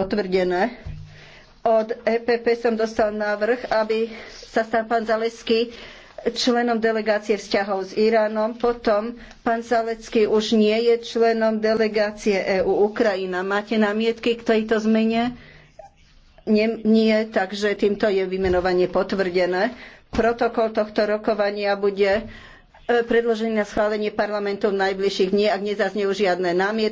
potvrdené. Od EPP som dostal návrh, aby sa stal pán Zalecký členom delegácie vzťahov s Iránom, potom pán Zalecký už nie je členom delegácie EU Ukrajina. Máte námietky k tejto zmene? Nie, nie, takže týmto je vymenovanie potvrdené. Protokol tohto rokovania bude e, predložený na schválenie parlamentu v najbližších dní, ak nezaznejú žiadne námietky.